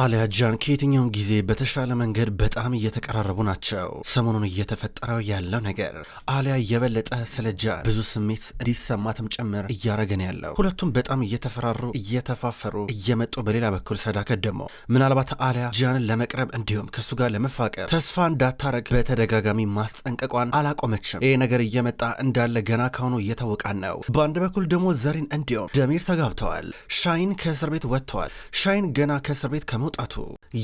አሊያ ጃን ከየትኛውም ጊዜ በተሻለ መንገድ በጣም እየተቀራረቡ ናቸው። ሰሞኑን እየተፈጠረው ያለው ነገር አሊያ የበለጠ ስለ ጃን ብዙ ስሜት እንዲሰማትም ጭምር እያረገን ያለው ሁለቱም በጣም እየተፈራሩ እየተፋፈሩ እየመጡ፣ በሌላ በኩል ሰዳከት ደግሞ ምናልባት አሊያ ጃንን ለመቅረብ እንዲሁም ከእሱ ጋር ለመፋቀር ተስፋ እንዳታረግ በተደጋጋሚ ማስጠንቀቋን አላቆመችም። ይህ ነገር እየመጣ እንዳለ ገና ካሁኑ እየታወቃን ነው። በአንድ በኩል ደግሞ ዘሪን እንዲሁም ደሚር ተጋብተዋል። ሻይን ከእስር ቤት ወጥተዋል። ሻይን ገና ከእስር ቤት አለመውጣቱ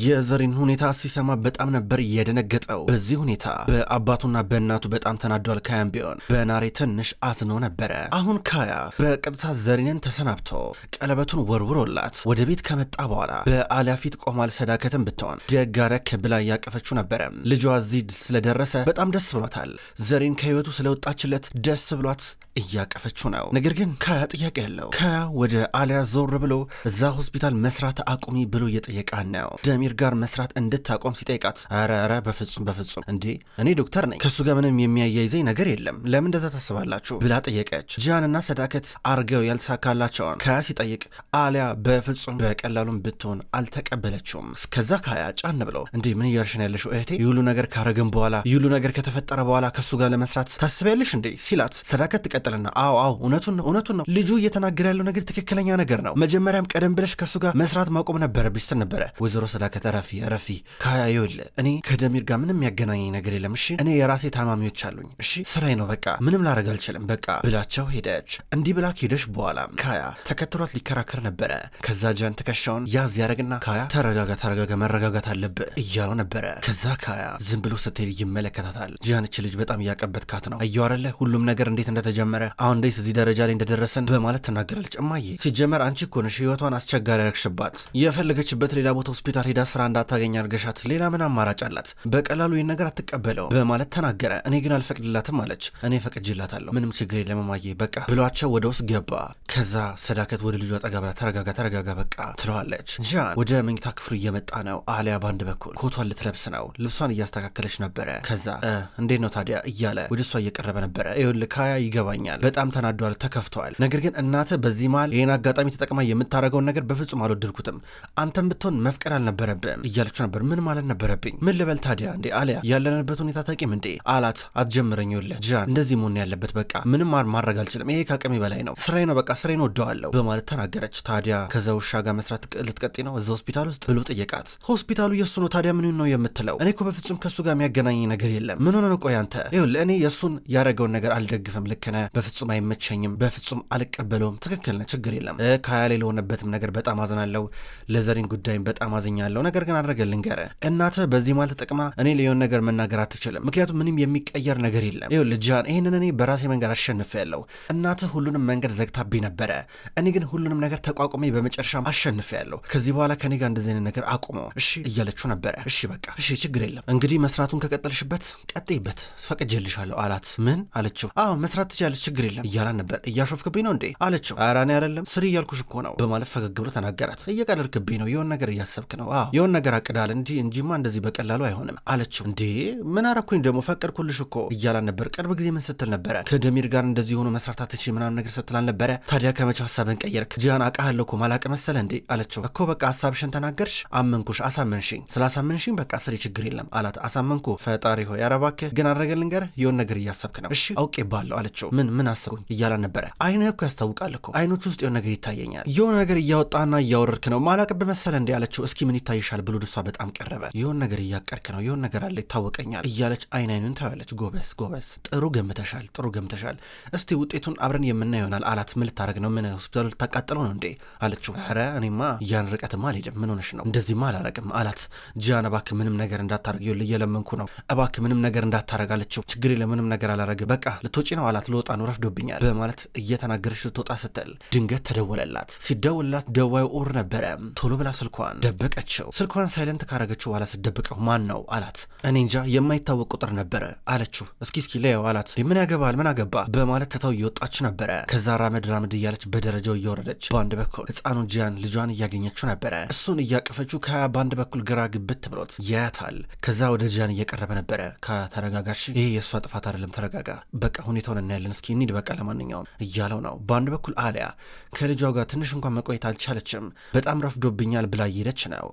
የዘሪን ሁኔታ ሲሰማ በጣም ነበር የደነገጠው። በዚህ ሁኔታ በአባቱና በእናቱ በጣም ተናዷል። ካያም ቢሆን በናሬ ትንሽ አዝኖ ነበረ። አሁን ካያ በቀጥታ ዘሪንን ተሰናብቶ ቀለበቱን ወርውሮላት ወደ ቤት ከመጣ በኋላ በአሊያ ፊት ቆሟል። ሰዳከትን ብትሆን ደጋረክ ብላ እያቀፈችው ነበረ። ልጇ እዚህ ስለደረሰ በጣም ደስ ብሏታል። ዘሪን ከህይወቱ ስለወጣችለት ደስ ብሏት እያቀፈችው ነው። ነገር ግን ካያ ጥያቄ ያለው ካያ ወደ አሊያ ዞር ብሎ እዛ ሆስፒታል መስራት አቁሚ ብሎ እየጠየቀ እየጠየቃት ነው። ደሚር ጋር መስራት እንድታቆም ሲጠይቃት ኧረ ኧረ በፍጹም በፍጹም እንዴ እኔ ዶክተር ነኝ ከእሱ ጋር ምንም የሚያያይዘኝ ነገር የለም ለምን እንደዛ ታስባላችሁ ብላ ጠየቀች። ጂያንና ሰዳከት አርገው ያልተሳካላቸውን ከያ ሲጠይቅ አሊያ በፍጹም በቀላሉም ብትሆን አልተቀበለችውም። እስከዛ ከያ ጫን ብለው እንዴ ምን እያልሽ ነው ያለሽው እህቴ ይሁሉ ነገር ካረግን በኋላ ይሁሉ ነገር ከተፈጠረ በኋላ ከእሱ ጋር ለመስራት ታስቢያለሽ እንዴ ሲላት ሰዳከት ትቀጥልና አዎ አዎ እውነቱን ነው እውነቱን ነው ልጁ እየተናገረ ያለው ነገር ትክክለኛ ነገር ነው መጀመሪያም ቀደም ብለሽ ከእሱ ጋር መስራት ማቆም ነበረብሽ ስል ነበር ነበረ። ወይዘሮ ሰዳከት ረፊ ረፊ ካያዩል እኔ ከደሚር ጋር ምንም ያገናኘኝ ነገር የለም። እሺ እኔ የራሴ ታማሚዎች አሉኝ። እሺ ስራዬ ነው። በቃ ምንም ላረግ አልችልም። በቃ ብላቸው ሄደች። እንዲህ ብላ ሄደች። በኋላም ካያ ተከትሏት ሊከራከር ነበረ። ከዛ ጃን ትከሻውን ያዝ ያደረግና ካያ ተረጋጋ፣ ተረጋጋ፣ መረጋጋት አለብህ እያለው ነበረ። ከዛ ካያ ዝም ብሎ ስትሄድ ይመለከታታል። ጃንች ልጅ በጣም እያቀበትካት ነው አየዋረለ ሁሉም ነገር እንዴት እንደተጀመረ አሁን እንዴት እዚህ ደረጃ ላይ እንደደረሰን በማለት ትናገራለች። እማዬ ሲጀመር አንቺ እኮ ነሽ ህይወቷን አስቸጋሪ ያረግሽባት የፈለገችበት ሌላ ሌላ ቦታ ሆስፒታል ሄዳ ስራ እንዳታገኝ አድርገሻት ሌላ ምን አማራጭ አላት? በቀላሉ ይህን ነገር አትቀበለው በማለት ተናገረ። እኔ ግን አልፈቅድላትም አለች። እኔ ፈቅጅላታለሁ ምንም ችግር ለመማየ በቃ ብሏቸው ወደ ውስጥ ገባ። ከዛ ሰዳከት ወደ ልጇ ጠጋ ብላ ተረጋጋ ተረጋጋ በቃ ትለዋለች። ጃን ወደ መኝታ ክፍሉ እየመጣ ነው። አሊያ በአንድ በኩል ኮቷን ልትለብስ ነው። ልብሷን እያስተካከለች ነበረ። ከዛ እንዴት ነው ታዲያ እያለ ወደ እሷ እየቀረበ ነበረ። ይኸውልህ ካያ ይገባኛል፣ በጣም ተናዷል፣ ተከፍቷል። ነገር ግን እናተ በዚህ መሀል ይህን አጋጣሚ ተጠቅማ የምታደርገውን ነገር በፍጹም አልወደድኩትም። አንተም ብትሆን እሱን መፍቀር አልነበረብም እያለች ነበር። ምን ማለት ነበረብኝ? ምን ልበል ታዲያ እንዴ? አሊያ ያለንበት ሁኔታ ታቂም እንዴ አላት። አትጀምረኝ ለ ጃን፣ እንደዚህ መሆን ያለበት በቃ ምንም ማድረግ አልችልም። ይሄ ከአቅሜ በላይ ነው። ስራዬ ነው በቃ ስራዬን ወደዋለሁ በማለት ተናገረች። ታዲያ ከዛ ውሻ ጋር መስራት ልትቀጢ ነው እዛ ሆስፒታል ውስጥ ብሎ ጠየቃት። ሆስፒታሉ የእሱ ነው ታዲያ ምን ነው የምትለው? እኔ እኮ በፍጹም ከእሱ ጋር የሚያገናኝ ነገር የለም። ምን ሆነ ነው? ቆይ አንተ ይኸውልህ፣ እኔ የእሱን ያደረገውን ነገር አልደግፍም። ልክ ነህ። በፍጹም አይመቸኝም። በፍጹም አልቀበለውም። ትክክል ነህ። ችግር የለም። ከሀያ ለሆነበትም ነገር በጣም አዝናለሁ። ለዘሪን ጉዳይም በጣም አዝኛለሁ። ነገር ግን አድረገልን ልንገረ እናተ በዚህ ማለት ተጠቅማ እኔ ሊሆን ነገር መናገር አትችልም፣ ምክንያቱም ምንም የሚቀየር ነገር የለም። ይው ልጃን ይህንን እኔ በራሴ መንገድ አሸንፍ ያለው እናተ ሁሉንም መንገድ ዘግታብኝ ነበረ። እኔ ግን ሁሉንም ነገር ተቋቁሜ በመጨረሻ አሸንፍ ያለው። ከዚህ በኋላ ከኔ ጋር እንደዚህ አይነት ነገር አቁሞ እሺ እያለችው ነበረ። እሺ በቃ እሺ፣ ችግር የለም እንግዲህ መስራቱን ከቀጠልሽበት ቀጥይበት፣ ፈቅጄልሻለሁ አላት። ምን አለችው? አዎ መስራት ትችያለሽ፣ ችግር የለም እያላን ነበር። እያሾፍክብኝ ነው እንዴ አለችው። አራኔ እኔ አይደለም ስሪ እያልኩሽ እኮ ነው በማለት ፈገግ ብሎ ተናገራት። እየቀለድክብኝ ነው የሆን ነገር እያሰብክ ነው? አዎ የሆን ነገር አቅዳል እንጂ እንጂማ እንደዚህ በቀላሉ አይሆንም አለችው። እንዴ ምን አረኩኝ ደግሞ ፈቀድኩልሽ እኮ እያላን ነበር። ቅርብ ጊዜ ምን ስትል ነበረ? ከደሚር ጋር እንደዚህ ሆኖ መስራታት እሺ ምናምን ነገር ስትል አልነበረ? ታዲያ ከመቼ ሀሳብን ቀየርክ? ጂያን አቃለሁ እኮ ማላቅ መሰለ እንዴ አለችው። እኮ በቃ ሀሳብሽን ተናገርሽ፣ አመንኩሽ፣ አሳመንሽኝ። ስላሳመንሽኝ በቃ ስሪ፣ ችግር የለም አላት። አሳመንኩ። ፈጣሪ ሆይ ኧረ ግን አድረገን ልንገር፣ የሆን ነገር እያሰብክ ነው። እሺ አውቄ ባለሁ አለችው። ምን ምን አሰብኩኝ እያላን ነበረ። አይነ እኮ ያስታውቃል እኮ አይኖች ውስጥ የሆን ነገር ይታየኛል። የሆነ ነገር እያወጣና እያወረድክ ነው። ማላቅ በመሰለ እንዴ ያለችው እስኪ ምን ይታይሻል ብሎ ድሷ በጣም ቀረበ። የሆን ነገር እያቀርክ ነው፣ የሆን ነገር አለ ይታወቀኛል እያለች አይን አይኑን ታያለች። ጎበስ ጎበስ፣ ጥሩ ገምተሻል፣ ጥሩ ገምተሻል። እስቲ ውጤቱን አብረን የምና ይሆናል አላት። ምን ልታረግ ነው? ምን ሆስፒታሉ ልታቃጥለው ነው እንዴ አለችው። ኧረ እኔማ ያን ርቀትማ አልሄድም። ምን ሆነሽ ነው? እንደዚህማ አላረግም አላት። ጂያን ምንም ነገር እንዳታረግ፣ ይኸውልህ እየለመንኩ ነው፣ እባክህ ምንም ነገር እንዳታረግ አለችው። ችግር የለም ምንም ነገር አላረግም፣ በቃ ልትወጪ ነው አላት። ልወጣ ነው ረፍዶብኛል በማለት እየተናገረች ልትወጣ ስትል ድንገት ተደወለላት። ሲደወለላት ደዋዩ ኦር ነበረ። ቶሎ ብላ ስልኳ ስልኳን ደበቀችው። ስልኳን ሳይለንት ካረገችው በኋላ ስደብቀው ማን ነው አላት። እኔ እንጃ የማይታወቅ ቁጥር ነበረ አለችው። እስኪ እስኪ ለየው አላት። ምን ያገባል ምን አገባ በማለት ትተው እየወጣች ነበረ። ከዛ ራመድ ራመድ እያለች በደረጃው እየወረደች በአንድ በኩል ህፃኑ ጂያን ልጇን እያገኘችው ነበረ። እሱን እያቀፈችው በአንድ በኩል ግራ ግብት ብሎት ያያታል። ከዛ ወደ ጂያን እየቀረበ ነበረ። ከተረጋጋሽ ይሄ የእሷ ጥፋት አይደለም ተረጋጋ፣ በቃ ሁኔታውን እናያለን፣ እስኪ እኒድ በቃ ለማንኛውም እያለው ነው። በአንድ በኩል አሊያ ከልጇ ጋር ትንሽ እንኳን መቆየት አልቻለችም። በጣም ረፍዶብኛል ብላ እየሄደች ነው።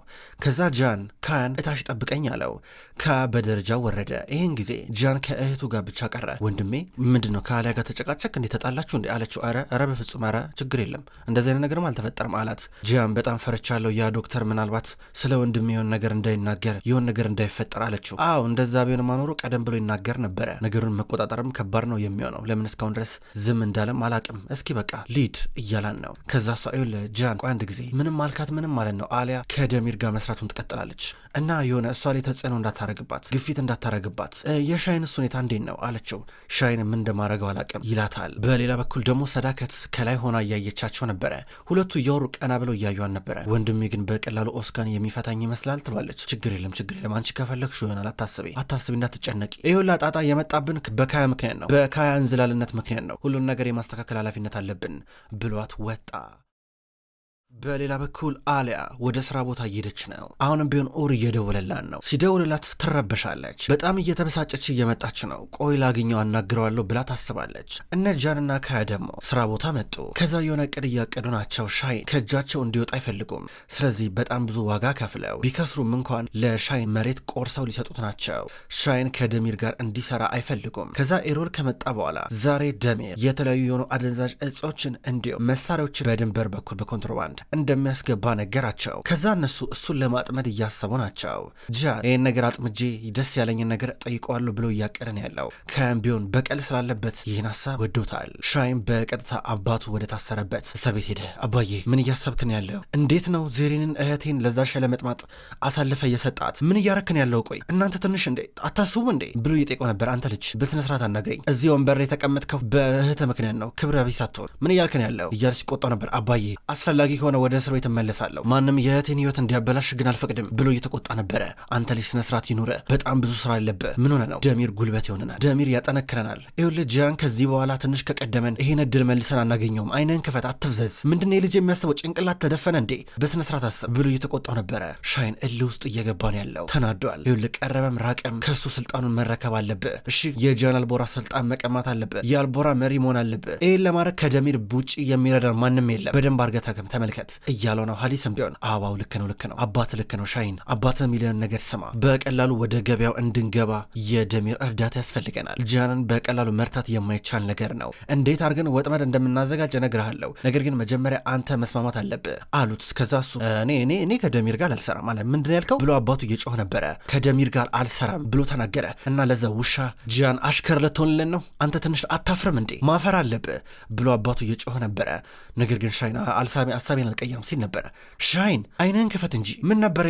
ከዛ ጃን ካን እታሽ ጠብቀኝ አለው። ካ በደረጃው ወረደ። ይህን ጊዜ ጃን ከእህቱ ጋር ብቻ ቀረ። ወንድሜ ምንድን ነው ከአሊያ ጋር ተጨቃጨቅ እንዴ ተጣላችሁ እንዴ አለችው። አረ አረ በፍጹም አረ ችግር የለም እንደዚህ አይነት ነገርም አልተፈጠርም አላት። ጃን በጣም ፈርቻለሁ፣ ያ ዶክተር ምናልባት ስለ ወንድሜ የሆን ነገር እንዳይናገር የሆን ነገር እንዳይፈጠር አለችው። አዎ እንደዛ ቢሆን ማኖሩ ቀደም ብሎ ይናገር ነበረ። ነገሩን መቆጣጠርም ከባድ ነው የሚሆነው። ለምን እስካሁን ድረስ ዝም እንዳለም አላቅም። እስኪ በቃ ሊድ እያላን ነው። ከዛ ሷ ጃን ቆይ አንድ ጊዜ ምንም አልካት ምንም ማለት ነው አሊያ ሶማሊያ ከደሚር ጋር መስራቱን ትቀጥላለች እና የሆነ እሷ ላይ ተጽዕኖ እንዳታረግባት ግፊት እንዳታረግባት የሻይንስ ሁኔታ እንዴት ነው አለችው። ሻይን ምን እንደማረገው አላቅም ይላታል። በሌላ በኩል ደግሞ ሰዳከት ከላይ ሆና እያየቻቸው ነበረ። ሁለቱ እያወሩ ቀና ብለው እያዩን ነበረ። ወንድሜ ግን በቀላሉ ኦስካን የሚፈታኝ ይመስላል ትሏለች። ችግር የለም ችግር የለም አንቺ ከፈለግሽ ይሆናል አታስቢ አታስቢ እንዳትጨነቂ። ይሁላ ጣጣ የመጣብን በካያ ምክንያት ነው በካያ እንዝላልነት ምክንያት ነው። ሁሉን ነገር የማስተካከል ኃላፊነት አለብን ብሏት ወጣ። በሌላ በኩል አሊያ ወደ ስራ ቦታ እየሄደች ነው። አሁንም ቢሆን ኡር እየደወለላን ነው። ሲደውልላት ትረበሻለች። በጣም እየተበሳጨች እየመጣች ነው። ቆይ ላግኘው አናግረዋለሁ ብላ ታስባለች። እነ ጃንና ካያ ደግሞ ስራ ቦታ መጡ። ከዛ የሆነ እቅድ እያቀዱ ናቸው። ሻይ ከእጃቸው እንዲወጣ አይፈልጉም። ስለዚህ በጣም ብዙ ዋጋ ከፍለው ቢከስሩም እንኳን ለሻይ መሬት ቆርሰው ሊሰጡት ናቸው። ሻይን ከደሚር ጋር እንዲሰራ አይፈልጉም። ከዛ ኤሮል ከመጣ በኋላ ዛሬ ደሚር የተለያዩ የሆኑ አደንዛዥ እጾችን እንዲሁም መሳሪያዎችን በድንበር በኩል በኮንትሮባንድ እንደሚያስገባ ነገራቸው። ከዛ እነሱ እሱን ለማጥመድ እያሰቡ ናቸው። ጃን ይህን ነገር አጥምጄ ደስ ያለኝን ነገር ጠይቀዋለሁ ብሎ እያቀደን ያለው ከም ቢሆን በቀል ስላለበት ይህን ሀሳብ ወዶታል። ሻይም በቀጥታ አባቱ ወደ ታሰረበት እስር ቤት ሄደ። አባዬ ምን እያሰብክን ያለው? እንዴት ነው ዜሬንን እህቴን ለዛ ሻይ ለመጥማጥ አሳልፈ እየሰጣት? ምን እያረክን ያለው? ቆይ እናንተ ትንሽ እንዴ አታስቡም እንዴ ብሎ እየጠየቀው ነበር። አንተ ልጅ በስነስርዓት አናግረኝ፣ እዚህ ወንበር ላይ የተቀመጥከው በእህተ ምክንያት ነው፣ ክብረ ቢስ አትሆን። ምን እያልክን ያለው እያለ ሲቆጣው ነበር። አባዬ አስፈላጊ ከሆነ ከሆነ ወደ እስር ቤት እመለሳለሁ። ማንም የእህቴን ህይወት እንዲያበላሽ ግን አልፈቅድም ብሎ እየተቆጣ ነበረ። አንተ ልጅ ስነስርዓት ይኑረ። በጣም ብዙ ስራ አለብህ። ምን ሆነ ነው? ደሚር ጉልበት ይሆንናል። ደሚር ያጠነክረናል። ይኸውልህ ጂያን፣ ከዚህ በኋላ ትንሽ ከቀደመን ይሄን እድል መልሰን አናገኘውም። አይንህን ክፈት፣ አትፍዘዝ። ምንድነው የልጅ የሚያስበው? ጭንቅላት ተደፈነ እንዴ? በስነ አስብ ብሎ እየተቆጣው ነበረ። ሻይን እልህ ውስጥ እየገባ ነው ያለው። ተናዷል። ይኸውልህ ቀረበም ራቀም ከሱ ስልጣኑን መረከብ አለብህ። እሺ የጂያን አልቦራ ስልጣን መቀማት አለብህ። የአልቦራ መሪ መሆን አለብህ። ይህን ለማድረግ ከደሚር ውጪ የሚረዳን ማንም የለም። በደንብ አርገህ ተመልከት ተመልከት እያለው ነው። ሀሊስም ቢሆን አባው ልክ ነው፣ ልክ ነው አባት፣ ልክ ነው ሻይን፣ አባት የሚለውን ነገር ስማ። በቀላሉ ወደ ገበያው እንድንገባ የደሚር እርዳታ ያስፈልገናል። ጂያንን በቀላሉ መርታት የማይቻል ነገር ነው። እንዴት አድርገን ወጥመድ እንደምናዘጋጅ እነግርሃለሁ፣ ነገር ግን መጀመሪያ አንተ መስማማት አለብህ አሉት። ከዛ እሱ እኔ እኔ እኔ ከደሚር ጋር አልሰራም አለ። ምንድን ያልከው ብሎ አባቱ እየጮህ ነበረ። ከደሚር ጋር አልሰራም ብሎ ተናገረ እና ለዛ ውሻ ጂያን አሽከር ልትሆንልን ነው አንተ ትንሽ አታፍርም እንዴ? ማፈር አለብህ ብሎ አባቱ እየጮህ ነበረ። ነገር ግን ሻይን አሳቢ አልቀየርም ሲል ነበረ። ሻይን አይንህን ክፈት እንጂ ምን ነበረ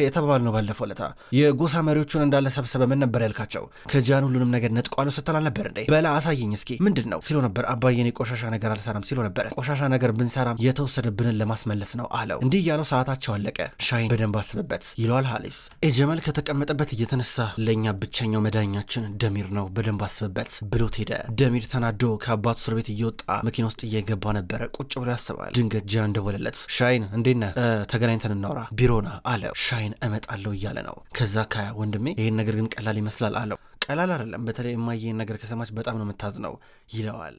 ነው ባለፈው ለታ የጎሳ መሪዎቹን እንዳለ ሰብሰበ ምን ነበር ያልካቸው? ከጃን ሁሉንም ነገር ነጥቋል ስትል አልነበር እንዴ? በላ አሳየኝ እስኪ ምንድን ነው ሲሎ ነበር። አባዬን የቆሻሻ ነገር አልሰራም ሲሎ ነበረ። ቆሻሻ ነገር ብንሰራም የተወሰደብንን ለማስመለስ ነው አለው። እንዲህ እያለው ሰዓታቸው አለቀ። ሻይን በደንብ አስብበት ይለዋል ሀሊስ። ኤጀመል ከተቀመጠበት እየተነሳ ለእኛ ብቸኛው መዳኛችን ደሚር ነው በደንብ አስብበት ብሎት ሄደ። ደሚር ተናዶ ከአባቱ እስር ቤት እየወጣ መኪና ውስጥ እየገባ ነበረ። ቁጭ ብሎ ያስባል። ድንገት ጃን ደወለለት። ሻይን እንዴነ ተገናኝተን እናውራ ቢሮና አለው። ሻይን እመጣለሁ እያለ ነው። ከዛ ካያ ወንድሜ ይህን ነገር ግን ቀላል ይመስላል አለው። ቀላል አይደለም፣ በተለይ የማየን ነገር ከሰማች በጣም ነው የምታዝነው ይለዋል።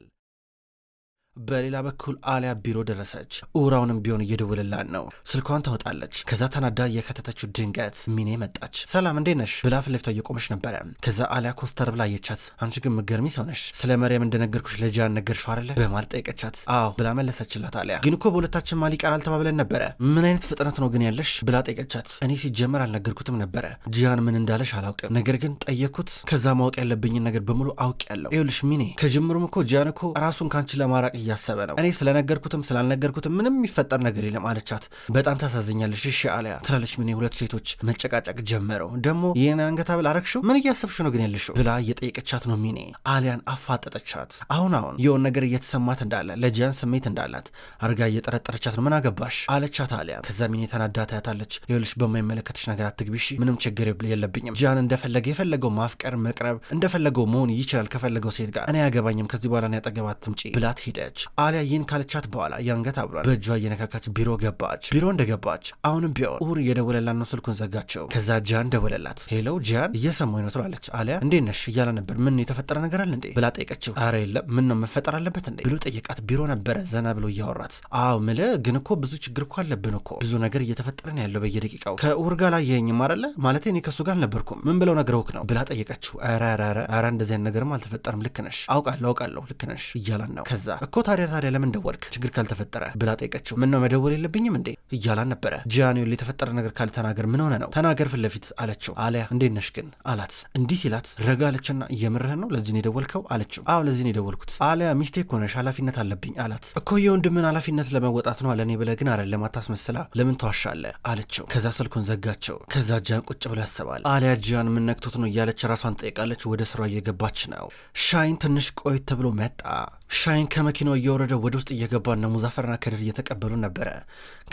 በሌላ በኩል አሊያ ቢሮ ደረሰች። ኡራውንም ቢሆን እየደወለላን ነው። ስልኳን ታወጣለች። ከዛ ተናዳ የከተተችው ድንገት ሚኔ መጣች። ሰላም እንዴት ነሽ ብላ ፊት ለፊቷ እየቆመች ነበረ። ከዛ አሊያ ኮስተር ብላ አየቻት። አንቺ ግን ምገርሚ ሰው ነሽ፣ ስለ መርያም እንደነገርኩሽ ለጃን ነገርሽው አይደለ በማለት ጠየቀቻት። አዎ ብላ መለሰችላት። አሊያ ግን እኮ በሁለታችን ማል ይቀራል ተባብለን ነበረ። ምን አይነት ፍጥነት ነው ግን ያለሽ ብላ ጠየቀቻት። እኔ ሲጀመር አልነገርኩትም ነበረ ጃን ምን እንዳለሽ አላውቅም፣ ነገር ግን ጠየቅኩት። ከዛ ማወቅ ያለብኝን ነገር በሙሉ አውቅ ያለው ይኸውልሽ ሚኔ ከጀምሩም እኮ ጃን እኮ ራሱን ከአንቺ ለማራቅ እያሰበ ነው። እኔ ስለነገርኩትም ስላልነገርኩትም ምንም የሚፈጠር ነገር የለም አለቻት። በጣም ታሳዝኛለሽ፣ እሺ አለያ ትላለች። ምን ሁለቱ ሴቶች መጨቃጨቅ ጀመረው። ደግሞ ይህን አንገት ብል አረግሽው ምን እያሰብሽ ነው ግን የልሽው ብላ እየጠየቀቻት ነው። ሚኔ አሊያን አፋጠጠቻት። አሁን አሁን የሆን ነገር እየተሰማት እንዳለ ለጂያን ስሜት እንዳላት አርጋ እየጠረጠረቻት ነው። ምን አገባሽ አለቻት አሊያ። ከዛ ሚኔ ተናዳ ታያታለች። ይኸውልሽ በማይመለከትሽ ነገር አትግቢሽ፣ ምንም ችግር የለብኝም። ጂያን እንደፈለገ የፈለገው ማፍቀር መቅረብ እንደፈለገው መሆን ይችላል ከፈለገው ሴት ጋር እኔ አያገባኝም። ከዚህ በኋላ ያጠገባት ትምጪ ብላት ሄደች። አለች። አሊያ ይህን ካለቻት በኋላ የአንገት አብሯል በእጇ እየነካካች ቢሮ ገባች። ቢሮ እንደገባች አሁንም ቢሆን ኡር እየደወለላት ነው፣ ስልኩን ዘጋቸው። ከዛ ጃን ደወለላት። ሄለው ጃን እየሰማኝ ነው ትላለች። አሊያ እንዴት ነሽ እያለ ነበር። ምን የተፈጠረ ነገር አለ እንዴ ብላ ጠየቀችው። አረ የለም፣ ምን ነው መፈጠር አለበት እንዴ ብሎ ጠየቃት። ቢሮ ነበረ ዘና ብሎ እያወራት። አዎ ምል ግን እኮ ብዙ ችግር እኮ አለብን እኮ ብዙ ነገር እየተፈጠረ ነው ያለው በየደቂቃው። ከኡር ጋር ይሄኝም አለ ማለት እኔ ከእሱ ጋር አልነበርኩም። ምን ብለው ነግረውክ ነው ብላ ጠየቀችው። ረረረ ረ ኧረ ነገርም አልተፈጠርም፣ ልክ ነሽ፣ አውቃለሁ አውቃለሁ፣ ልክ ነሽ እያላን ነው። ከዛ እኮ ታዲያ ታዲያ ለምን ደወልክ? ችግር ካልተፈጠረ ብላ ጠየቀችው። ምን ነው መደወል የለብኝም እንዴ እያላን ነበረ። ጂያኔል የተፈጠረ ነገር ካልተናገር ምን ሆነ ነው ተናገር ፊት ለፊት አለችው። አሊያ እንዴት ነሽ ግን አላት። እንዲህ ሲላት ረጋ አለችና እየምርህን ነው ለዚህ የደወልከው አለችው። አዎ ለዚህ የደወልኩት። አሊያ ሚስቴክ ሆነሽ ኃላፊነት አለብኝ አላት። እኮ የወንድምን ኃላፊነት ለመወጣት ነው አለኔ ብለህ ግን አይደለም አታስመስላ ለምን ተዋሻለ አለችው። ከዛ ስልኩን ዘጋቸው። ከዛ ጂያን ቁጭ ብሎ ያስባል። አሊያ ጂያን ምን ነክቶት ነው እያለች ራሷን ጠይቃለች። ወደ ስራ እየገባች ነው። ሻይን ትንሽ ቆይት ተብሎ መጣ። ሻይን ከመኪናው እየወረደ ወደ ውስጥ እየገባ እነ ሙዛፈርና ከድር እየተቀበሉ ነበረ።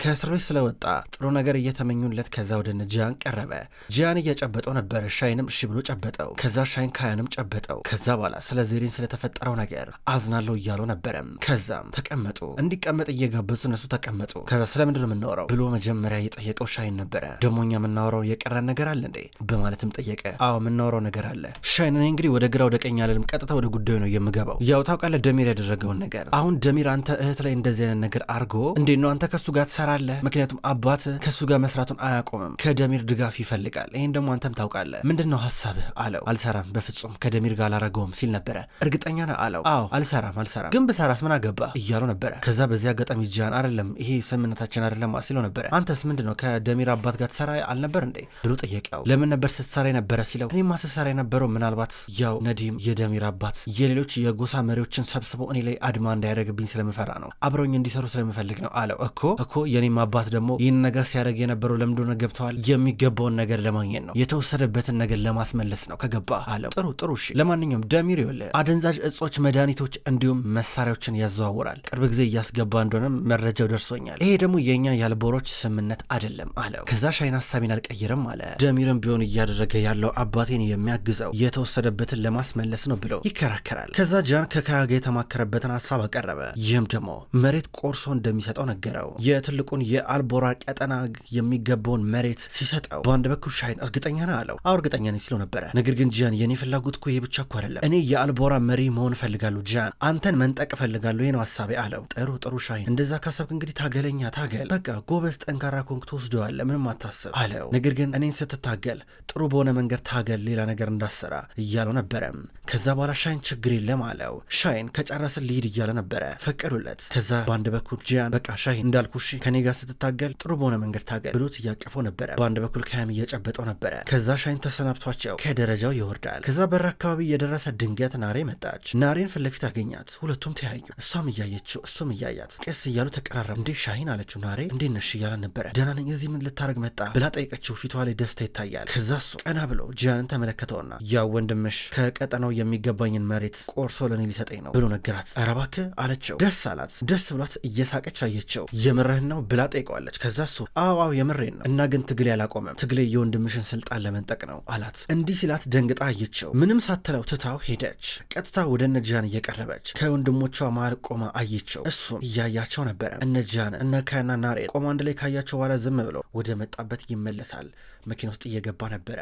ከእስር ቤት ስለወጣ ጥሩ ነገር እየተመኙለት ከዛ ወደ እነ ጂያን ቀረበ። ጂያን እየጨበጠው ነበረ። ሻይንም እሺ ብሎ ጨበጠው። ከዛ ሻይን ካያንም ጨበጠው። ከዛ በኋላ ስለ ዜሪን ስለተፈጠረው ነገር አዝናለው እያለው ነበረም። ከዛም ተቀመጡ። እንዲቀመጥ እየጋበዙ እነሱ ተቀመጡ። ከዛ ስለምንድን ነው የምናወራው ብሎ መጀመሪያ የጠየቀው ሻይን ነበረ። ደግሞ እኛ የምናወራው የቀረን ነገር አለ እንዴ በማለትም ጠየቀ። አዎ የምናወራው ነገር አለ። ሻይን እኔ እንግዲህ ወደ ግራ ወደ ቀኝ አልልም፣ ቀጥታ ወደ ጉዳዩ ነው የምገባው። ያው ታውቃለህ ደሚር ያደረገውን ነገር። አሁን ደሚር አንተ እህት ላይ እንደዚህ አይነት ነገር አድርጎ እንዴት ነው አንተ ከሱ ጋር ትሰራለህ። ምክንያቱም አባት ከእሱ ጋር መስራቱን አያቆምም፣ ከደሚር ድጋፍ ይፈልጋል። ይህን ደግሞ አንተም ታውቃለህ። ምንድን ነው ሀሳብህ አለው። አልሰራም፣ በፍጹም ከደሚር ጋር አላረገውም ሲል ነበረ። እርግጠኛ ነህ አለው። አዎ አልሰራም፣ አልሰራም ግን ብሰራስ ምን አገባ እያሉ ነበረ። ከዛ በዚህ አጋጣሚ ጃን አይደለም ይሄ ስምምነታችን አይደለም ሲለው ነበረ። አንተስ ምንድን ነው ከደሚር አባት ጋር ትሰራ አልነበር እንዴ ብሎ ጠየቀው። ለምን ነበር ስትሰራ የነበረ ሲለው እኔማ ስሰራ የነበረው ምናልባት ያው ነዲም የደሚር አባት የሌሎች የጎሳ መሪዎችን ሰብስበው እኔ ላይ አድማ እንዳያደርግብኝ ስለምፈራ ነው፣ አብረውኝ እንዲሰሩ ስለምፈልግ ነው አለው። እኮ እኮ የኔም አባት ደግሞ ይህን ነገር ሲያደርግ የነበረው ለምንድን ገብተዋል? የሚገባውን ነገር ለማግኘት ነው፣ የተወሰደበትን ነገር ለማስመለስ ነው ከገባ አለው። ጥሩ ጥሩ። እሺ ለማንኛውም ደሚር ይወለ አደንዛዥ እጾች፣ መድኃኒቶች እንዲሁም መሳሪያዎችን ያዘዋውራል። ቅርብ ጊዜ እያስገባ እንደሆነ መረጃው ደርሶኛል። ይሄ ደግሞ የእኛ ያልቦሮች ስምምነት አይደለም አለው። ከዛ ሻይን ሀሳቢን አልቀይርም አለ። ደሚርም ቢሆን እያደረገ ያለው አባቴን የሚያግዘው የተወሰደበትን ለማስመለስ ነው ብለው ይከራከራል። ከዛ ጃን ከካያ ጋር የተማከረበትን ሀሳብ አቀረበ። ይህም ደግሞ መሬት ቆርሶ እንደሚሰጠው ነገረው። የትል ትልቁን የአልቦራ ቀጠና የሚገባውን መሬት ሲሰጠው በአንድ በኩል ሻይን እርግጠኛ ነህ አለው። አዎ እርግጠኛ ነኝ ሲለው ነበረ። ነገር ግን ጂያን የኔ ፍላጎት እኮ ይሄ ብቻ እኮ አይደለም። እኔ የአልቦራ መሪ መሆን እፈልጋለሁ። ጂያን አንተን መንጠቅ እፈልጋለሁ። ይህ ነው ሀሳቤ አለው። ጥሩ ጥሩ ሻይን፣ እንደዛ ካሰብክ እንግዲህ ታገለኛ ታገል። በቃ ጎበዝ፣ ጠንካራ ኮንክ ትወስደዋለህ። ምንም አታስብ አለው። ነገር ግን እኔን ስትታገል ጥሩ በሆነ መንገድ ታገል፣ ሌላ ነገር እንዳሰራ እያለው ነበረ። ከዛ በኋላ ሻይን ችግር የለም አለው። ሻይን ከጨረስን ልሂድ እያለ ነበረ። ፈቀዱለት። ከዛ በአንድ በኩል ጂያን በቃ ሻይን እንዳልኩሽ ከኔ ጋር ስትታገል ጥሩ በሆነ መንገድ ታገል ብሎት እያቀፈው ነበረ። በአንድ በኩል ከያም እየጨበጠው ነበረ። ከዛ ሻይን ተሰናብቷቸው ከደረጃው ይወርዳል። ከዛ በር አካባቢ እየደረሰ ድንገት ናሬ መጣች። ናሬን ፊት ለፊት አገኛት። ሁለቱም ተያዩ። እሷም እያየችው እሱም እያያት ቀስ እያሉ ተቀራረቡ። እንዴ ሻይን አለችው። ናሬ እንዴ ነሽ እያላ ነበረ። ደህና ነኝ። እዚህ ምን ልታደርግ መጣ ብላ ጠይቀችው። ፊቷ ላይ ደስታ ይታያል። ከዛ እሱ ቀና ብሎ ጂያንን ተመለከተውና ያ ወንድምሽ ከቀጠናው የሚገባኝን መሬት ቆርሶ ለእኔ ሊሰጠኝ ነው ብሎ ነገራት። ኧረ እባክህ አለችው። ደስ አላት። ደስ ብሏት እየሳቀች አየችው። የምርህን ነው ብላ ጠይቀዋለች። ከዛ እሱ አዎ አዎ የምሬን ነው እና ግን ትግሌ አላቆመም፣ ትግሌ የወንድምሽን ስልጣን ለመንጠቅ ነው አላት። እንዲህ ሲላት ደንግጣ አየችው። ምንም ሳትለው ትታው ሄደች። ቀጥታ ወደ እነጃን እየቀረበች ከወንድሞቿ መሃል ቆማ አየችው። እሱም እያያቸው ነበረ። እነጃን እነ ካያና ናሬን ቆማ አንድ ላይ ካያቸው በኋላ ዝም ብሎ ወደ መጣበት ይመለሳል። መኪና ውስጥ እየገባ ነበረ።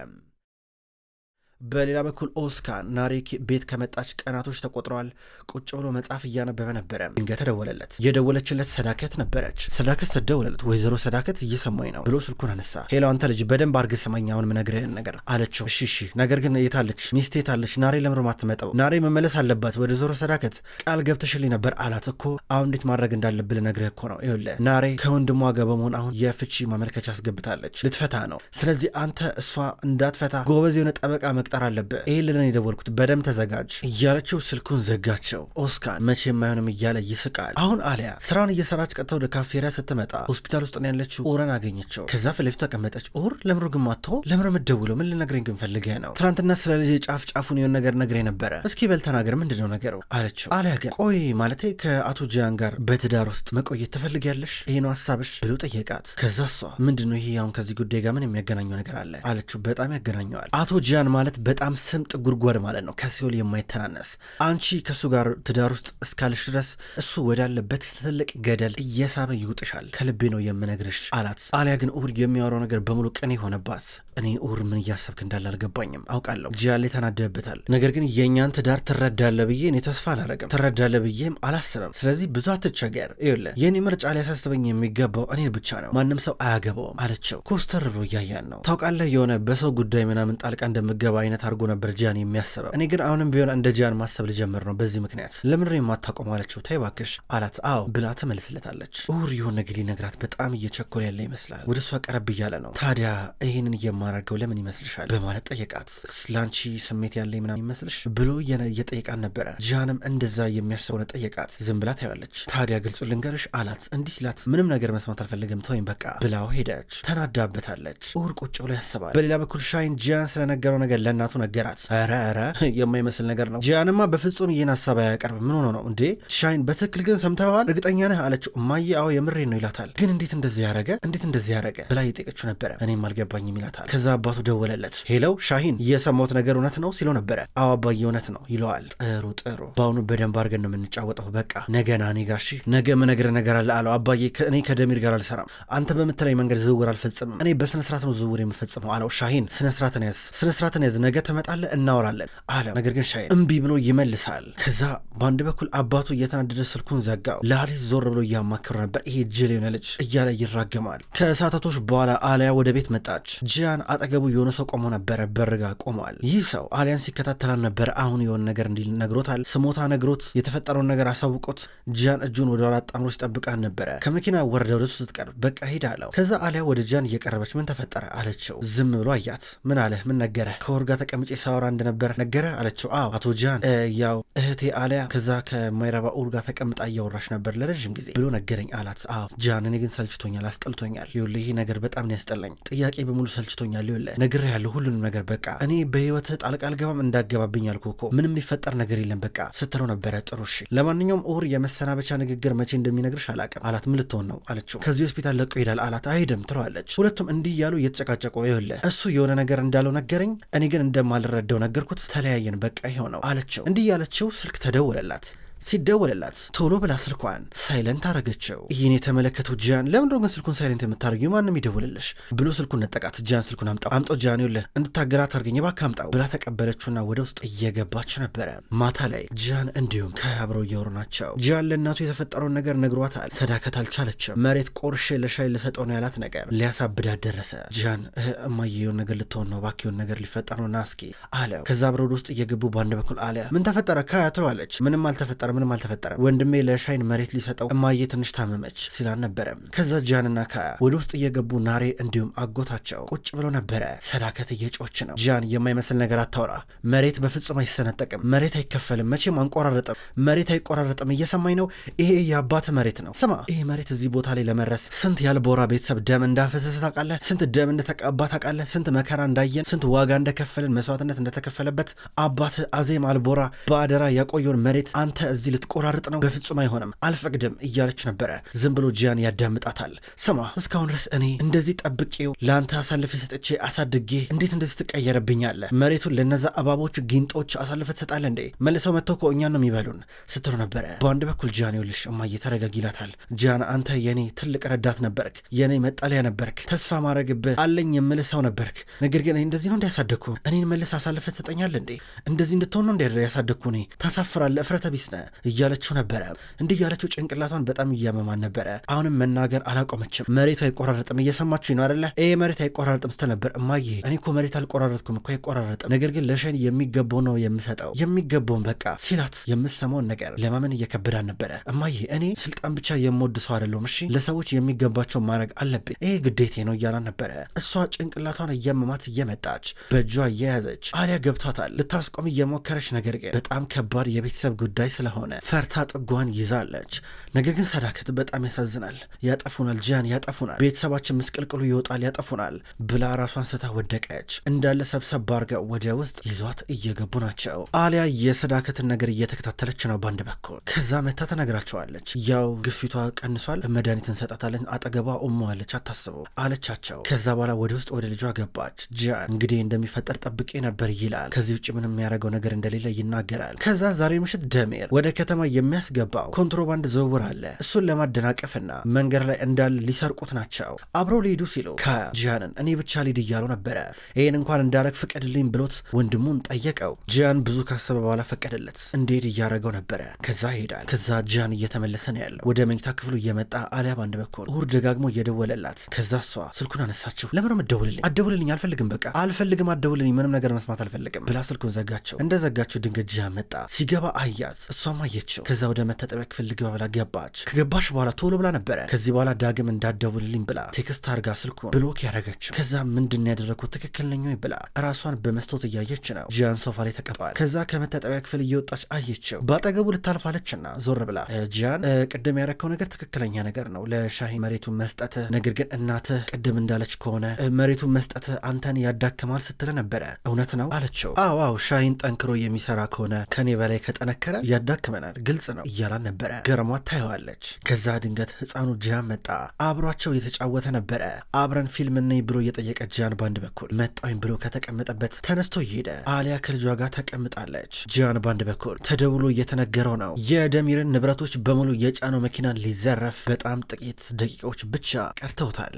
በሌላ በኩል ኦስካ ናሬክ ቤት ከመጣች ቀናቶች ተቆጥረዋል። ቁጭ ብሎ መጽሐፍ እያነበበ ነበረ። ድንገት ተደወለለት። የደወለችለት ሰዳከት ነበረች። ሰዳከት ስትደውለለት ወይዘሮ ሰዳከት እየሰማኝ ነው ብሎ ስልኩን አነሳ። ሄሎ አንተ ልጅ በደንብ አርገ ስማኝ፣ አሁን የምነግርህን ነገር አለችው። እሺ እሺ፣ ነገር ግን የታለች ሚስቴ የታለች? ናሬ ለምር ማትመጠው ናሬ መመለስ አለባት ወደ ዞሮ ሰዳከት ቃል ገብተሽልኝ ነበር አላት። እኮ አሁን እንዴት ማድረግ እንዳለብህ ልነግርህ እኮ ነው። ይኸውልህ ናሬ ከወንድሟ ጋር በመሆን አሁን የፍቺ ማመልከቻ አስገብታለች፣ ልትፈታ ነው። ስለዚህ አንተ እሷ እንዳትፈታ ጎበዝ የሆነ ጠበቃ መቅ መቅጠር አለብህ። ይህንን የደወልኩት በደም ተዘጋጅ እያለችው ስልኩን ዘጋቸው። ኦስካር መቼም አይሆንም እያለ ይስቃል። አሁን አሊያ ስራውን እየሰራች ቀጥታ ወደ ካፍቴሪያ ስትመጣ ሆስፒታል ውስጥ ነው ያለችው። ኦረን አገኘችው። ከዛ ፊት ተቀመጠች። ኦር ለምሮ ግን ማቶ ለምሮ የምትደውለው ምን ልነግረኝ ግን ፈልገህ ነው? ትናንትና ስለ ልጅ ጫፍ ጫፉን የሆነ ነገር ነግሬ ነበረ። እስኪ በል ተናገር፣ ምንድነው ነገሩ አለችው። አሊያ ግን ቆይ ማለቴ ከአቶ ጂያን ጋር በትዳር ውስጥ መቆየት ትፈልጊያለሽ? ይሄ ነው ሀሳብሽ ብሎ ጠየቃት። ከዛ እሷ ምንድነው ይሄ አሁን ከዚህ ጉዳይ ጋር ምን የሚያገናኘው ነገር አለ አለችው። በጣም ያገናኘዋል። አቶ ጂያን ማለት በጣም ስምጥ ጉድጓድ ማለት ነው፣ ከሲኦል የማይተናነስ አንቺ ከእሱ ጋር ትዳር ውስጥ እስካልሽ ድረስ እሱ ወዳለበት ትልቅ ገደል እየሳበ ይውጥሻል። ከልቤ ነው የምነግርሽ አላት። አሊያ ግን ኡር የሚያወራው ነገር በሙሉ ቅኔ ሆነባት። እኔ ኡር ምን እያሰብክ እንዳለ አልገባኝም። አውቃለሁ ጂያሌ ተናደበታል። ነገር ግን የእኛን ትዳር ትረዳለ ብዬ እኔ ተስፋ አላረግም። ትረዳለ ብዬም አላስብም። ስለዚህ ብዙ አትቸገር። ይኸውልህ የእኔ ምርጫ ሊያሳስበኝ የሚገባው እኔን ብቻ ነው፣ ማንም ሰው አያገባውም አለችው። ኮስተር ብሎ እያያን ነው። ታውቃለህ የሆነ በሰው ጉዳይ ምናምን ጣልቃ እንደምገባ አይነት አድርጎ ነበር ጃን የሚያስበው። እኔ ግን አሁንም ቢሆን እንደ ጃን ማሰብ ልጀምር ነው በዚህ ምክንያት። ለምንድን የማታቆም አለችው። ተይ እባክሽ አላት። አዎ ብላ ተመልስለታለች። እውር የሆነ ነገር ሊነግራት በጣም እየቸኮለ ያለ ይመስላል። ወደ እሷ ቀረብ እያለ ነው። ታዲያ ይህንን እየማደርገው ለምን ይመስልሻል በማለት ጠየቃት። ስላንቺ ስሜት ያለ ምናምን ይመስልሽ ብሎ እየጠየቃን ነበረ። ጃንም እንደዛ የሚያስብ ሆነ ጠየቃት። ዝም ብላ ታያለች። ታዲያ ግልጹ ልንገርሽ አላት። እንዲህ ሲላት ምንም ነገር መስማት አልፈለገም። ተወኝ በቃ ብላው ሄደች። ተናዳበታለች። እውር ቁጭ ብሎ ያስባል። በሌላ በኩል ሻይን ጃን ስለነገረው ነገር ለና ለእናቱ ነገራት። ኧረ ኧረ የማይመስል ነገር ነው። ጂያንማ በፍጹም ይህን ሀሳብ አያቀርብ። ምን ሆኖ ነው እንዴ? ሻይን በትክክል ግን ሰምተዋል? እርግጠኛ ነህ አለችው። እማዬ አዎ የምሬ ነው ይላታል። ግን እንዴት እንደዚህ ያረገ እንዴት እንደዚህ ያረገ ብላ የጠየቀችው ነበረ። እኔም አልገባኝም ይላታል። ከዛ አባቱ ደወለለት። ሄለው ሻሂን እየሰማሁት ነገር እውነት ነው ሲለው ነበረ። አዎ አባዬ እውነት ነው ይለዋል። ጥሩ ጥሩ፣ በአሁኑ በደንብ አድርገን ነው የምንጫወጠው። በቃ ነገና እኔ ጋሺ ነገ መነግር ነገር አለ አለው። አባዬ እኔ ከደሚር ጋር አልሰራም። አንተ በምትለኝ መንገድ ዝውውር አልፈጽምም። እኔ በስነስርዓት ነው ዝውውር የምፈጽመው አለው። ሻሂን ስነስርዓትን ያዝ፣ ስነስርዓትን ያዝ ነገ ተመጣለ እናወራለን አለ። ነገር ግን ሻይን እምቢ ብሎ ይመልሳል። ከዛ በአንድ በኩል አባቱ እየተናደደ ስልኩን ዘጋው። ለአሊስ ዞር ብሎ እያማክሩ ነበር። ይሄ ጅል የሆነ ልጅ እያለ ይራገማል። ከሰዓታቶች በኋላ አሊያ ወደ ቤት መጣች። ጂያን አጠገቡ የሆነ ሰው ቆሞ ነበረ። በርጋ ቆሟል። ይህ ሰው አሊያን ሲከታተላል ነበረ። አሁን የሆነ ነገር እንዲል ነግሮታል። ስሞታ ነግሮት የተፈጠረውን ነገር አሳውቆት ጂያን እጁን ወደ ኋላ አጣምሮ ሲጠብቃል ነበረ። ከመኪና ወረደ። ወደሱ ስትቀርብ በቃ ሂድ አለው። ከዛ አሊያ ወደ ጂያን እየቀረበች ምን ተፈጠረ አለችው። ዝም ብሎ አያት። ምን አለህ? ምን ነገረህ? ከወርጋ ጋር ተቀምጬ ሳወራ እንደነበረ ነገረ አለችው። አዎ አቶ ጃን ያው እህቴ አሊያ ከዛ ከማይረባ ኡር ጋር ተቀምጣ እያወራች ነበር ለረዥም ጊዜ ብሎ ነገረኝ አላት። አዎ ጃን፣ እኔ ግን ሰልችቶኛል፣ አስጠልቶኛል። ይኸውልህ ይሄ ነገር በጣም ነው ያስጠላኝ። ጥያቄ በሙሉ ሰልችቶኛል። ይኸውልህ ነገር ያለሁ ሁሉንም ነገር በቃ እኔ በህይወት ጣልቃ አልገባም እንዳገባብኝ አልኩ እኮ ምንም የሚፈጠር ነገር የለም በቃ ስትለው ነበረ። ጥሩ እሺ፣ ለማንኛውም ኡር የመሰናበቻ ንግግር መቼ እንደሚነግርሽ አላቅም አላት። ምን ልትሆን ነው አለችው። ከዚህ ሆስፒታል ለቆ ይሄዳል አላት። አይደም ትለዋለች። ሁለቱም እንዲህ እያሉ እየተጨቃጨቁ ይኸውልህ እሱ የሆነ ነገር እንዳለው ነገረኝ እኔ ግን ግን እንደማልረዳው ነገርኩት። ተለያየን በቃ ይሄው ነው አለችው። እንዲህ ያለችው ስልክ ተደወለላት። ሲደወልላት ቶሎ ብላ ስልኳን ሳይለንት አረገችው። ይህን የተመለከተው ጃን ለምንድን ነው ግን ስልኩን ሳይለንት የምታደርጊው ማንም ይደውልልሽ ብሎ ስልኩን ነጠቃት። ጃን ስልኩን አምጣው አምጣው፣ ጃን ይኸውልህ እንድታገራት አድርገኝ እባክህ አምጣው ብላ ተቀበለችውና ወደ ውስጥ እየገባች ነበረ። ማታ ላይ ጃን እንዲሁም ከአብረው እያወሩ ናቸው። ጃን ለእናቱ የተፈጠረውን ነገር ነግሯታል። ሰዳከት አልቻለችም። መሬት ቆርሼ ለሻይ ልሰጠው ነው ያላት ነገር ሊያሳብዳት ደረሰ። ጃን እማየየውን ነገር ልትሆን ነው ባኪውን ነገር ሊፈጠር ነው ና እስኪ አለ። ከዛ አብረው ወደ ውስጥ እየገቡ በአንድ በኩል አለ ምን ተፈጠረ ከያ ትለዋለች። ምንም አልተፈጠረ ምንም አልተፈጠረም። ወንድሜ ለሻይን መሬት ሊሰጠው እማዬ ትንሽ ታመመች ሲላን ነበረ። ከዛ ጃንና ካያ ወደ ውስጥ እየገቡ ናሬ እንዲሁም አጎታቸው ቁጭ ብሎ ነበረ። ሰዳከት እየጮች ነው። ጃን የማይመስል ነገር አታውራ፣ መሬት በፍጹም አይሰነጠቅም፣ መሬት አይከፈልም፣ መቼም አንቆራረጥም፣ መሬት አይቆራረጥም። እየሰማኝ ነው? ይሄ የአባት መሬት ነው። ስማ፣ ይሄ መሬት እዚህ ቦታ ላይ ለመድረስ ስንት ያልቦራ ቤተሰብ ደም እንዳፈሰሰ ታውቃለህ? ስንት ደም እንደተቀባ ታውቃለህ? ስንት መከራ እንዳየን፣ ስንት ዋጋ እንደከፈልን፣ መስዋዕትነት እንደተከፈለበት አባት አዜም አልቦራ በአደራ ያቆየውን መሬት አንተ ከዚህ ልትቆራርጥ ነው፣ በፍጹም አይሆንም፣ አልፈቅድም እያለች ነበረ። ዝም ብሎ ጂያን ያዳምጣታል። ስማ እስካሁን ድረስ እኔ እንደዚህ ጠብቄው ለአንተ አሳልፍ ሰጥቼ አሳድጌ እንዴት እንደዚህ ትቀየረብኛለህ? መሬቱን ለነዛ እባቦች ጊንጦች አሳልፈ ትሰጣለ እንዴ? መልሰው መጥተው እኮ እኛን ነው የሚበሉን ስትሉ ነበረ። በአንድ በኩል ጂያን ይኸውልሽ እማዬ ተረጋጊ ይላታል። ጂያን አንተ የኔ ትልቅ ረዳት ነበርክ፣ የኔ መጠለያ ነበርክ፣ ተስፋ ማድረግብህ አለኝ የምልሰው ነበርክ። ነገር ግን እንደዚህ ነው እንዲያሳደግኩ እኔን መልስ አሳልፈ ትሰጠኛለ እንዴ? እንደዚህ እንድትሆን ነው እንዲያደ ያሳደግኩ እኔ ታሳፍራለ፣ እፍረተ ቢስ እያለችው ነበረ። እንዲህ እያለችው ጭንቅላቷን በጣም እያመማን ነበረ። አሁንም መናገር አላቆመችም። መሬቱ አይቆራረጥም፣ እየሰማችሁ ነው አይደለ? ይሄ መሬት አይቆራረጥም ስትል ነበር። እማዬ እኔ እኮ መሬት አልቆራረጥኩም እኮ አይቆራረጥም፣ ነገር ግን ለሸን የሚገባው ነው የምሰጠው፣ የሚገባውን በቃ ሲላት የምሰማውን ነገር ለማመን እየከበዳን ነበረ። እማዬ እኔ ስልጣን ብቻ የምወድ ሰው አይደለሁም። እሺ ለሰዎች የሚገባቸው ማድረግ አለብኝ፣ ይሄ ግዴቴ ነው እያላን ነበረ። እሷ ጭንቅላቷን እየመማት እየመጣች በእጇ እየያዘች አሊያ ገብቷታል። ልታስቆም እየሞከረች ነገር ግን በጣም ከባድ የቤተሰብ ጉዳይ ስለ ስለሆነ ፈርታ ጥጓን ይዛለች። ነገር ግን ሰዳከት በጣም ያሳዝናል። ያጠፉናል፣ ጃን ያጠፉናል፣ ቤተሰባችን ምስቅልቅሉ ይወጣል፣ ያጠፉናል ብላ ራሷን ስታ ወደቀች። እንዳለ ሰብሰብ አድርገው ወደ ውስጥ ይዟት እየገቡ ናቸው። አሊያ የሰዳከትን ነገር እየተከታተለች ነው በአንድ በኩል። ከዛ መታ ተነግራቸዋለች። ያው ግፊቷ ቀንሷል፣ መድኃኒት እንሰጣታለን፣ አጠገቧ እሟለች፣ አታስቡ አለቻቸው። ከዛ በኋላ ወደ ውስጥ ወደ ልጇ ገባች። ጃን እንግዲህ እንደሚፈጠር ጠብቄ ነበር ይላል። ከዚህ ውጭ ምንም የሚያደርገው ነገር እንደሌለ ይናገራል። ከዛ ዛሬ ምሽት ደሜር ወደ ከተማ የሚያስገባው ኮንትሮባንድ ዝውውር አለ። እሱን ለማደናቀፍና መንገድ ላይ እንዳለ ሊሰርቁት ናቸው። አብረው ሊሄዱ ሲሉ ከጂያንን እኔ ብቻ ሊድ እያሉ ነበረ። ይህን እንኳን እንዳረግ ፍቀድልኝ ብሎት ወንድሙን ጠየቀው። ጂያን ብዙ ካሰበ በኋላ ፈቀደለት። እንዴት እያረገው ነበረ። ከዛ ይሄዳል። ከዛ ጂያን እየተመለሰ ነው ያለው። ወደ መኝታ ክፍሉ እየመጣ አሊያ በአንድ በኩል ሁር ደጋግሞ እየደወለላት። ከዛ እሷ ስልኩን አነሳችሁ። ለምን ምደውልልኝ? አደውልልኝ፣ አልፈልግም፣ በቃ አልፈልግም፣ አደውልልኝ፣ ምንም ነገር መስማት አልፈልግም ብላ ስልኩን ዘጋቸው። እንደ ዘጋቸው ድንገት ጂያን መጣ። ሲገባ አያት እሷ እሷም አየችው። ከዛ ወደ መታጠቢያ ክፍል ልግባ ብላ ገባች። ከገባች በኋላ ቶሎ ብላ ነበረ ከዚህ በኋላ ዳግም እንዳደውልልኝ ብላ ቴክስት አርጋ ስልኩን ብሎክ ያደረገችው። ከዛ ምንድን ያደረግኩት ትክክል ነኝ ወይ ብላ ራሷን በመስታወት እያየች ነው። ጂያን ሶፋ ላይ ተቀምጧል። ከዛ ከመታጠቢያ ክፍል እየወጣች አየችው። በአጠገቡ ልታልፋለችና ዞር ብላ ጂያን፣ ቅድም ያረከው ነገር ትክክለኛ ነገር ነው ለሻሂ መሬቱን መስጠት ነገር ግን እናትህ ቅድም እንዳለች ከሆነ መሬቱን መስጠት አንተን ያዳክማል ስትለ ነበረ እውነት ነው አለችው። አዎ አዎ ሻሂን ጠንክሮ የሚሰራ ከሆነ ከኔ በላይ ከጠነከረ ያዳ ተሸክመናል፣ ግልጽ ነው እያላን ነበረ። ገረሟ ታየዋለች። ከዛ ድንገት ህፃኑ ጃን መጣ። አብሯቸው እየተጫወተ ነበረ። አብረን ፊልም ነይ ብሎ እየጠየቀ ጃን በአንድ በኩል መጣኝ ብሎ ከተቀመጠበት ተነስቶ ይሄደ። አሊያ ከልጇ ጋር ተቀምጣለች። ጃን በአንድ በኩል ተደውሎ እየተነገረው ነው የደሚርን ንብረቶች በሙሉ የጫነው መኪና ሊዘረፍ በጣም ጥቂት ደቂቃዎች ብቻ ቀርተውታል።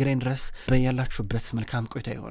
እስከምንገናኝ ድረስ በያላችሁበት መልካም ቆይታ ይሆን።